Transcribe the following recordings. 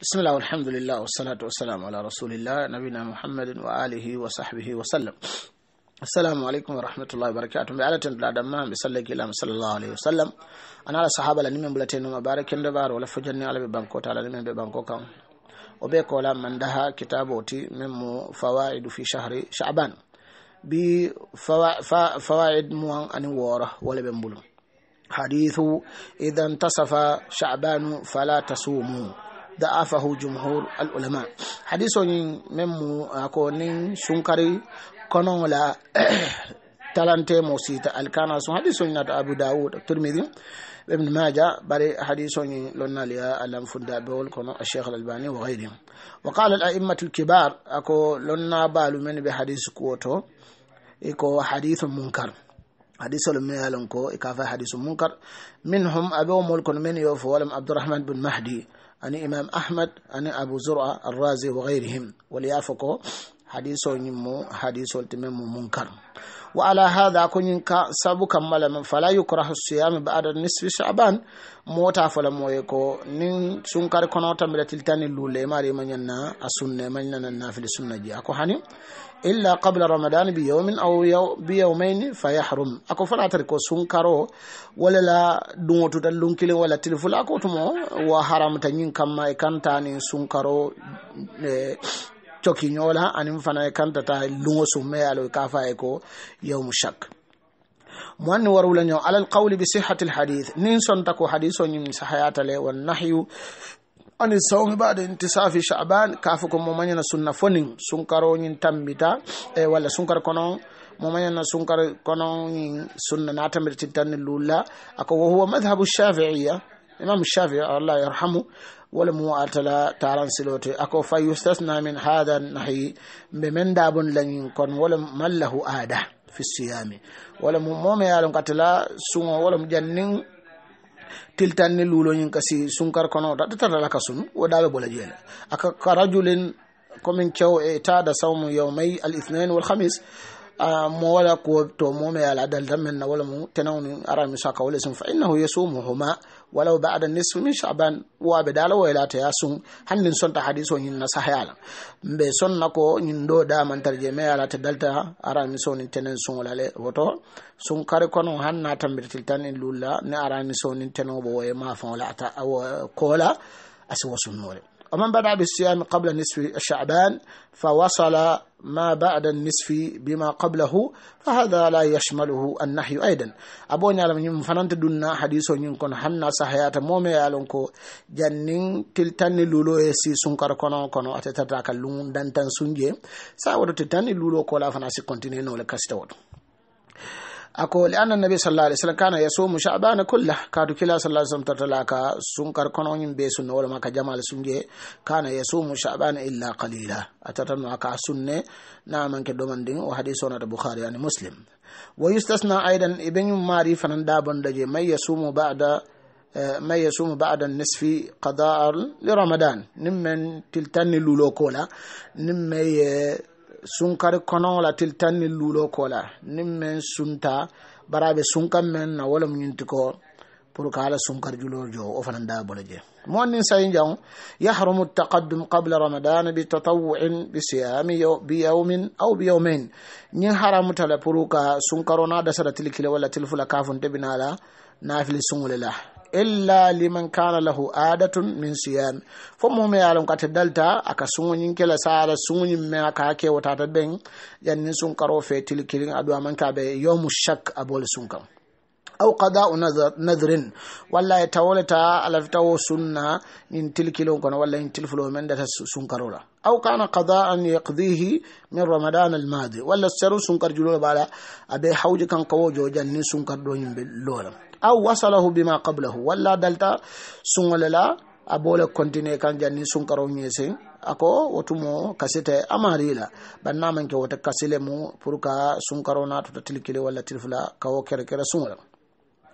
بسم الله والحمد لله والصلاة والسلام على رسول الله نبينا محمد وآله وصحبه وسلم السلام عليكم ورحمة الله وبركاته بعلى تنبلا دمام بسلك إلى صلى الله عليه وسلم أنا على صحابة لنمن بلتين مبارك دبار ولا فجرني على ببانكو تعالى لمن ببانكو كم وبيكو لا من دها كتابوتي مم فوائد في شهر شعبان بي فوائد موان أن وره ولا بنبلو حديث إذا انتصف شعبان فلا تصوموا da'afahu jumhur al-ulama hadiso ni memmu ko nin sunkari konon la talante mo sita alkana sun hadiso ni da abu dawud turmidi ibn majah bari hadiso ni lonna liya alam funda be wol kono ash-shaykh al-albani wa ghayrihim wa qala al-a'immat al-kibar ako lonna balu men be hadis ko to iko hadithun munkar hadisol min yalon ko e kafa hadisu munkar minhum abewo mol kono min yo fo walam abdourahmane bun mahdi ani imam ahmad ani abou zoura arrazi wa gayrihim wala yafo ko hadiso ñimmo hadisol te men mo munkar wa ala hada ko ñin ka sabu kammala men fala yukrahu siyami bada nisfi chaban mota fola moye ko nin sunkar kono tambiɗa tiltani lulle maɗa ima ñanna a sunne mañnana nafili sunna ji ako hani illa qabla ramadan bi aw bi yawmayn ako fana tar ko sun karo wala la dungo to lunkile wala tilfula ko to wa haramta nyin kamma e kanta ni sun karo e cokiñola anin fana e kantata lungo summe alo e ka e ko yawmu shak moanni warwula ñoo alal qawli bi sihati alhadith nin sonta ko hadis o ñim sahayatale wannahyu ani sawmi baɗo intisafi chaban kafa ko mo mañana sunna fonin sunkaroñin tambita e walla sunkar kono mo mañana sunkar konoñin sunna na tamirtintanni lulla ako wo huwa madhabu shafiia imam shafii allah yarhamu wala mu atala taran silote ako fa yustasna min hada nahi mbe men dabon lañin kon wala mallahu ada fi siyami wala mu momi yalon katala sugo wala mu jannin tiltan tiltanni luuloñin kasi sunkar kono tatala ka sun woɗaɓe ɓola jeela aka rajulin komin cew e taada sawmu yawmayi al ithnain wal hamis mo wala ko to mome ala daldam men na wala mo tanawni ara mi saka wala sun fa innahu huma walau ba'da nisfi min sha'ban wa badala wa ilata yasun hannin son ta hadiso yin na sahayala be son na ko do da man tarje me ala ta dalta ara mi son tenen sun wala le woto sun kare kono hanna tambirtil tan lulla ne ara mi son tenen bo ma fa wala ta kola asiwasun nore ومن بدأ بالصيام قبل نصف شعبان فوصل ما بعد النصف بما قبله فهذا لا يشمله النهي أيضا أبوني على من فنانت دون حديث ينكون حنا صحيات مومي يالونكو جنين تلتان لولو يسي سنكر كونو كونو أتتتاك اللون دانتان سنجي ساورو تلتان لولو كولا فناسي كونتيني نولي كستوتو ako le anna nabi sallallahu alaihi wasallam kana yasumu sha'bana kullah kadu kila sallallahu alaihi wasallam tartalaka sun kar kono nyim be sunna wala maka jamal sunje kana yasumu sha'bana illa qalila atatanu aka sunne na man ke do mandin o hadithu na bukhari yani muslim wa yustasna aidan ibn mari fanan da bandaje may yasumu ba'da ما يصوم بعد النصف قضاء لرمضان نمن تلتن لولو كولا نمن sunkari kɔnɔŋ la til tan ni luulo ko la ni meŋ sunta bara be sunkan meŋ na wolem ñinti ko pour que ala sunkar julor jo o fanan da bolo je mon nin sayin jaw yahrumu taqaddum qabla ramadan bi tatawwu'in bi siyami bi yawmin aw bi yawmin ni haramu tala pour que sunkarona da sara tilkile wala tilfula kafun tebinala nafil sungule la illa liman kana lahu adatun min siyan fo mo me yalon kata dalta aka sunyin kila sara sunyin me aka ke wata ta den yannin sun karo fe tilkirin adu amanka be yomu shak abol sun kan au qada'u nadhrin walla tawoleta alafitawo sunna in tilkilon kono walla in tilfulo men data sunkarola aw kana qada'an yaqdihi min ramadan almadi walla seru sunkar julola baɗa aɓe hawji kan kawo jojan ni sunkar ɗo yimɓe lolam aw wasalahu bima qablahu walla dalta sugolela a bole continue kan janni sunkaro ñesen ako wotumo kasite amarila bannamanke wote kasile mu pour ka sunkaro natuta tilkile walla tilfula kawo kere kere sugola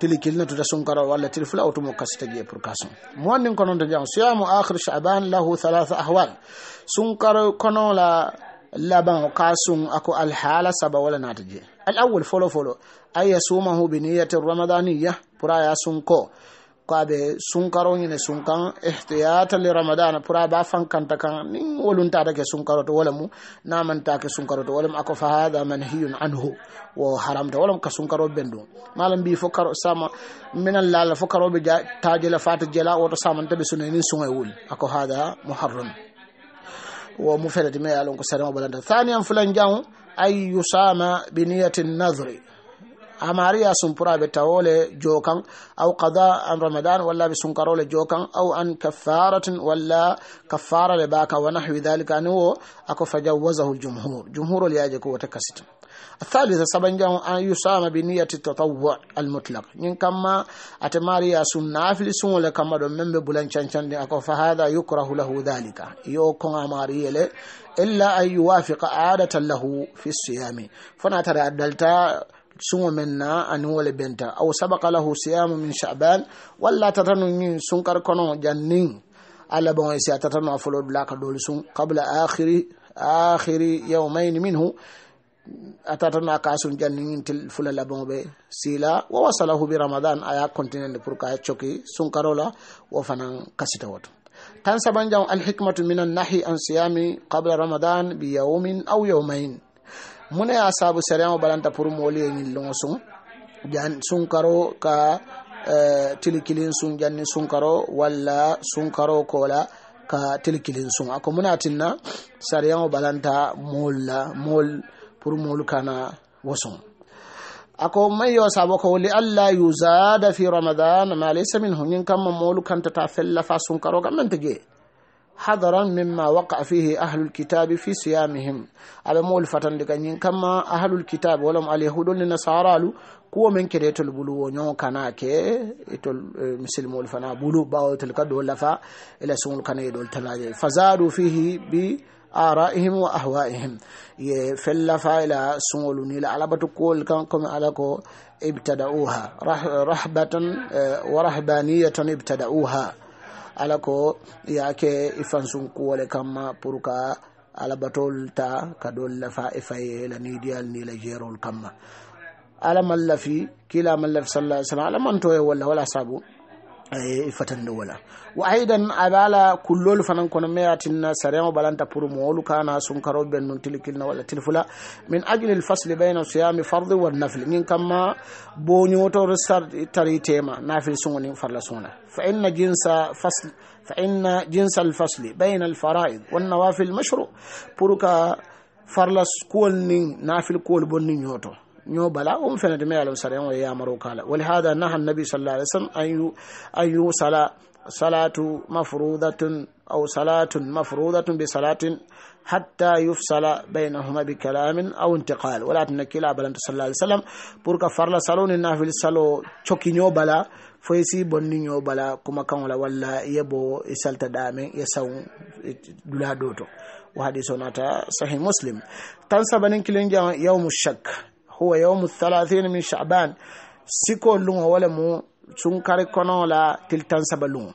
tili kilna tuta sunkaro walla tili fula otumo kasi tagiye pour ka sun mo wannin ko noon to jam siyamu akhir chaban lahu halatha ahwal sunkaro kono la laban o ka sun ako alhaala saba wala naata je al awwal folo folo an yasumahu bi niyati ya pour aya sunko ko aɓe sunkaro ñine sunkan ihtiyata li ramadana pour aɓa fankanta kan ni woluntatake sunkaro to wolemu namantake sunkaro to wolem ako fa hada manhiyun anhu wo haramta wolem ka sunkaro ɓen malam mbi fo karo sama minan lala fo karoɓe tajela fata jela woto samantaɓe sunanin suŋe wuli ako hada muharram wo mu felati me alon ko saremo balanta thaniyan fulan jan ay yusama biniyati nadre amariya sumpura ɓe tawole jo aw kada an ramadan walla ɓe sunkarole jo kan aw an kaffaratin walla kaffara le baka wa nahwi dhalika ani wo ako fajawazahu ljumhur jumhurol yaje ko wota kasita الثالثة سبنجا أن يسام بنية التطوع المطلق إن كما أتماري سن نافل سن لكما من بلان شان أكو فهذا يكره له ذلك يوكم أماري إلا أن يوافق عادة له في الصيام فنترى الدلتا suŋo meŋ na ani wo benta aw sabaka lahu siyamu min shaban walla tatanu ñiŋ sunkari kono janniŋ a labaŋo si a tatanu a folo ka doolu suŋ kabla akhiri akhiri yawmain minhu a ka suŋ janniŋ til fula labaŋo be sila wa wasalahu bi ramadan a ye pour ka a coki sunkaro la wo kasita woto tan sabanjaŋo alhikmatu min annahi an siyami qabla ramadan bi yawmin aw yawmain muna ya sabu sariyama balanta pour moolu ye ñillongo suŋ jan sunkaro ka e, tilikilin suŋ janni sunkaro walla sunkaro kola ka tilikilin suŋ ako muna tinna sariyamo balanta moolu la mool pour moolu kana wo suŋ ako may yo sabo ko li alla yusada fi ramadan ma laysa minhu ñin kamma moolu kantata fellafa sunkaro gammente jee حذرا مما وقع فيه أهل الكتاب في صيامهم على مول فتن لكن كما أهل الكتاب ولم اليهود للنصارى kuwo men kede tol bulu wo ñoo kana ke tol misilmol fana bulu bawotol ka do lafa ila sungol kana ye dol talaje fazadu fihi bi araihim wa ahwaihim ye fel lafa ila sungolu ni la alabatu kool kan comme ala ko ibtada'uha rahbatan wa rahbaniyatan ibtada'uha ala ko ya ke ifan sun kuwale kama pour alabatol ta ka lafa ifa ye la nidiyal ni la jerol kama ala mallafi kila mallafi alaihi wasallam ala mantoye wala wala sabu E, fatan da wala wa aidan abala kullol fanan kono meyatin na sariyam balanta pour moolu kana sun karo ben nun tilikil na wala tilfula min ajli al fasl bayna siyam fard wa nafl ngin kamma bo nyoto resar tari tema nafil sungoni farla suna fa inna jinsa fasl fa inna jinsa al fasl bayna al fara'id wan nawafil mashru pour ka farla kuwol nin nafil kuol bon nin nyoto نيو بلا أم فينا دمي على وسرين ويا مروكالا ولهذا نهى النبي صلى الله عليه وسلم أن يوصل صلاة صلاة مفروضة أو صلاة مفروضة بصلاة حتى يفصل بينهما بكلام أو انتقال ولا تنكيلا بلا صلى الله عليه وسلم بركة فرلا صلون النافل صلو تشوكي نيو بلا fo ye نيو بلا كما كان ولا ولا يبو ye bo i دولا دوتو ye saŋ dula do to كلين يوم الشك هو يوم الثلاثين من شعبان سيكو لونه ولا مو سنكاري كونو لا تلتان سبلون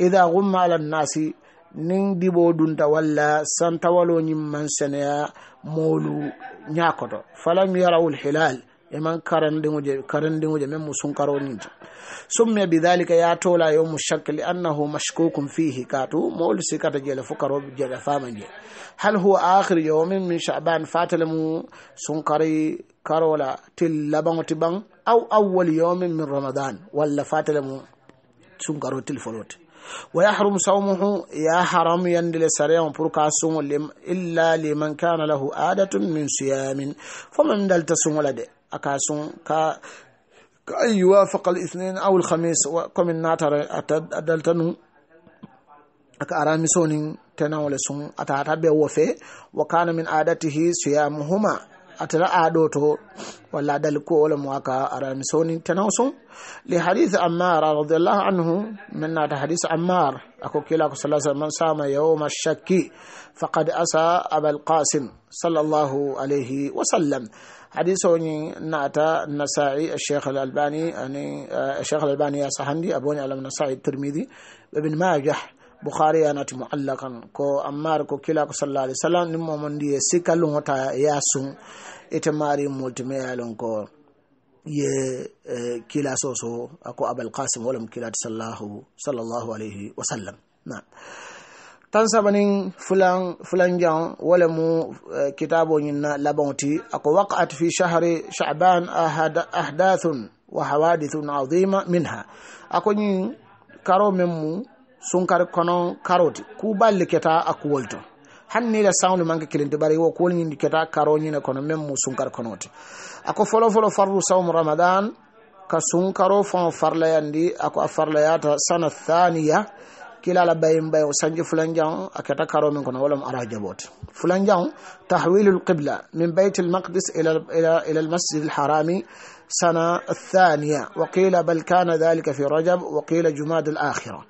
إذا غم على الناس نين ديبو دونتا ولا سانتا ولو نيم مولو نياكوتو فلم يروا الحلال eman karandiŋuje karandiŋuje men mo sunkaroninta summiya bidhalika ya tola yo mushakki li annahu mashkukum fihi katu mowolu sikata jele fo karo jele fama je hal huwa akhir yawmin min shaban fatale mu sunkari karola til labaŋo ti baŋ aw awwal yawmin min ramadan walla fatale mu sunkaro til folote ويحرم صومه يا حرام يندل سريع بركا صوم إلا لمن كان له عادة من صيام فمن دلت صوم لديه أكاسون كا كأي يوافق الاثنين أو الخميس وكم الناتر أدلتنو أكارامي سونين تناول سون أتعتبه وفي وكان من عادته سيامهما أترى عادوتو ولا دلكو ولا مواكا أرامي سونين تناوسون لحديث أمار رضي الله عنه من حديث أمار أكو كلاك صلى الله عليه وسلم من سام يوم الشك فقد أسى أبا القاسم صلى الله عليه وسلم حديث وني نعتا النسائي الشيخ الألباني أني يعني، آه، الشيخ الألباني يا سهندي أبوني ألم النسائي الترمذي ابن ماجه بخاري أنا معلقا كو أمار كو كلا صلى الله عليه وسلم نمو من دي سيكالون وطا ياسون إتماري مولتميالون كو ye kila soso ako abal qasim walam kilat sallallahu sallallahu alaihi wasallam na'am tan sabanin fulan jan wale mu eh, kitabo ñinna labaŋo ti ako waqa'at fi shahri shaban ahdathun wa hawadithun adima minha ako ñin karo min mu kano kono karoti ku balli keta a kuwol to hanni la sawni manke kilinti bari wo ko ñindi keta karo na kono men mu sunkar konoti ako folo folo farru sawmu ramadan ka sun karo fon yandi ako a farlayata sana thaniya كلا بين بين وسنج فلانجان أكتا كارو من كنا ولم أرى جبوت فلانجان تحويل القبلة من بيت المقدس إلى إلى إلى المسجد الحرامي سنة الثانية وقيل بل كان ذلك في رجب وقيل جماد الآخرة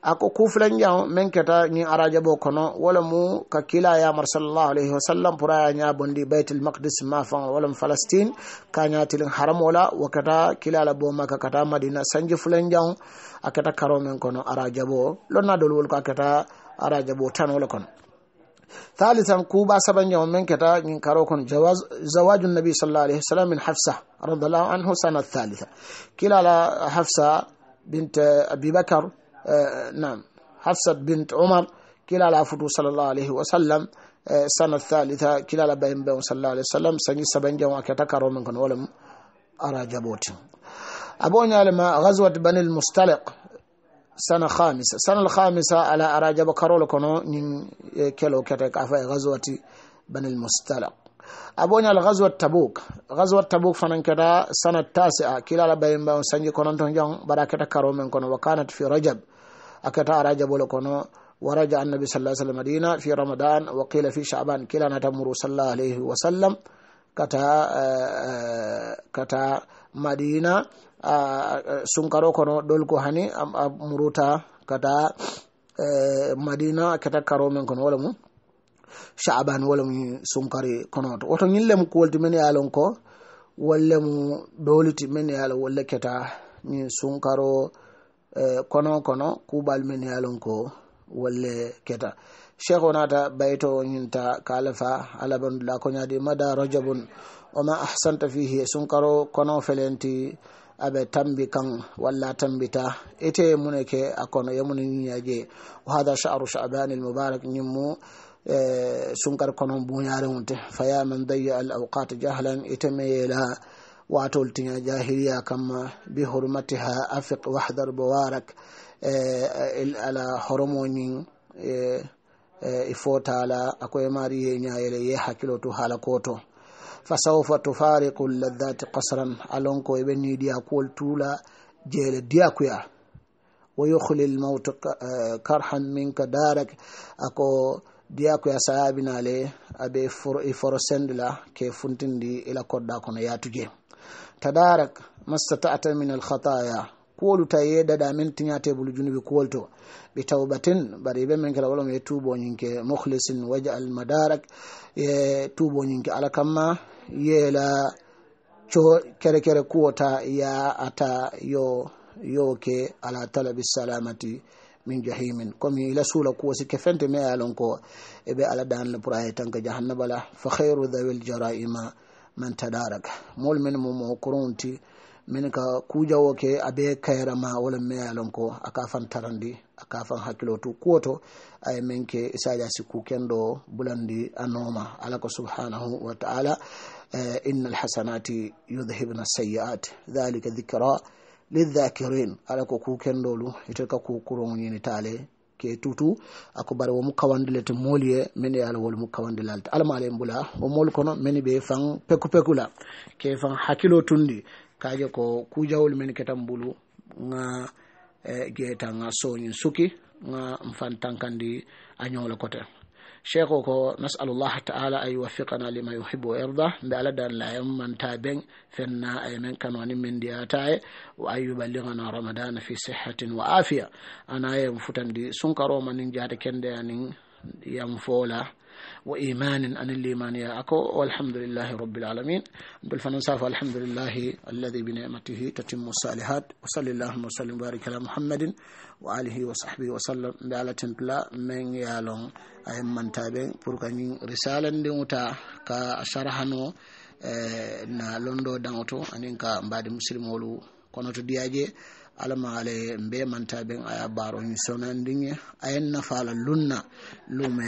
ako kufulan yaw men keta ñin arajabo kono wala mu ka kila yamar sallallahu alayhi wasallam pura ya ña bondi baytul maqdis ma fan palestine ka ñatilin haram wala wo keta kila la kata madina sanji fulan jaw a keta karo men kono arajabo lonna dol ko a keta arajabo tan wala ثالثا كوبا سبا يوم من كتا من كاروكن جواز زواج النبي صلى الله عليه وسلم من حفصة رضي الله عنه سنة الثالثة كلا حفصة بنت أبي بكر آه، نعم حفصة بنت عمر كلا فتو صلى الله عليه وسلم آه سنة الثالثة كلا بين بين صلى الله عليه وسلم سني سبا يوم كتا كاروكن ولم أرى جبوت أبو نعلم غزوة بني المستلق سنة خامسة سنة الخامسة على أراجع كارول كنو نين إيه، كيلو كتك أفا غزوة بن المستلق أبونا الغزوة تبوك غزوة تبوك فنن كده سنة التاسعة كلا لبين باون سنجي كنن تنجون برا كتا كارو من كنو وكانت في رجب أكتا أراجع بولو كنو ورجع النبي صلى الله عليه وسلم مدينة في رمضان وقيل في شعبان كلا نتمر صلى الله عليه وسلم كتا آه، آه، كتا مدينة sunkaro kono ɗol ko hani a muruta kata e, madina keta karo men kono wala mum shaban wala mum sunkari konoto woto ñillemu kuwolti men ye ko walle mu doliti men ye lon wolle keta ñin sunkaro e, kono kono kubal men ye ko wolle keta cheikh onata bayto ñinta kalafa alabandula koñadi mada rajabun oma ahsanta fihi sunkaro kono felenti abe tambi kan walla tambita ite mune ke a kono yemune ñiñaje o hada charu chaban al mubarak ñimmu e sunkar konon buñare wonte faya man daya al awqat jahlan iteme yeela watol jahiliya kama bi hurmatiha afiq wahdar bowarak e ala hormonin e, e i fotala akoye mari ye ñayele ye to hala koto فسوف تفارق اللذات قصرا ألونكو يبني دياكو تولا جيل دياكويا ويخلي الموت آه، كرحا منك دارك أكو دياكويا سيابنا لي أبي فرسند لا كي فنتندي إلى كودا كون ياتجي تدارك ما استطعت من الخطايا kuwolu taye dada min tiñate bulu junubi kuwol to ɓe tawbatin bari ɓe men kala wolom ye tuboñinke mohlisin waja madarak e tuboñinke ala kamma yeela co kere kere kuwota ya ata yo yoke ala talabi salamati min jahimin komi ila suula kuwo sikke fente me alon ko eɓe ala danla pour aye tanka jahannabala la fa hayru dawil jaraima man tadaraka mol men momo koronti min ka kujawo ke a be kayrama wala mi lon ko aka ka fan tarandi a ka fan hakkilo to kuwo to min ke isaja sikku ken ɗo bulandi a ala ko subhanahu wa taala eh, inna alhasanati yudhibna sayi'at dhalika dicra lidhakirin ala ko ku ken ɗolu ite ka ku kuroñinitale ke tutu ako bare womu kawandile te moolu min ye ala wolmu kawandilalta alama ala en bula wo moolu kono min ɓe fan peku pekula ke fan hakkilo tundi kaje ko kujawol min ketan bulu ga e guetan ga soñin suki ga fan tankandi a ñoole cote cheikh o ko nasalu llah taala a waffiqana lima yuhibu wa yarda mbe ala dan layam manta ben fenna ay men kanoni min ndiyataye wa ayuballigana ramadana fi sihatin wa afia ana yem futandi sunkaroma nin jaade kende anin yam foola وإيمان أن الإيمان يا أكو والحمد لله رب العالمين بالفنساف والحمد لله الذي بنعمته تتم الصالحات وصلى اللهم وسلم وبارك على محمد وآله وصحبه وسلم على تنتلا من يالون أي من تابين بركاني رسالة دموتا كشرحنو na londo dangoto anin ka mbadi musilmolu kono to diyaje alama ala mbe mantaɓen aya baroñi sonandiŋe ayen nafala lunna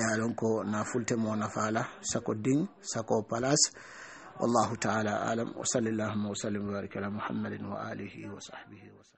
ya yalon ko nafultemo nafala sako diŋ sako palace wallahu taala alam والله تعالى wa وصلى ala muhammadin wa alihi wa sahbihi wa وسلم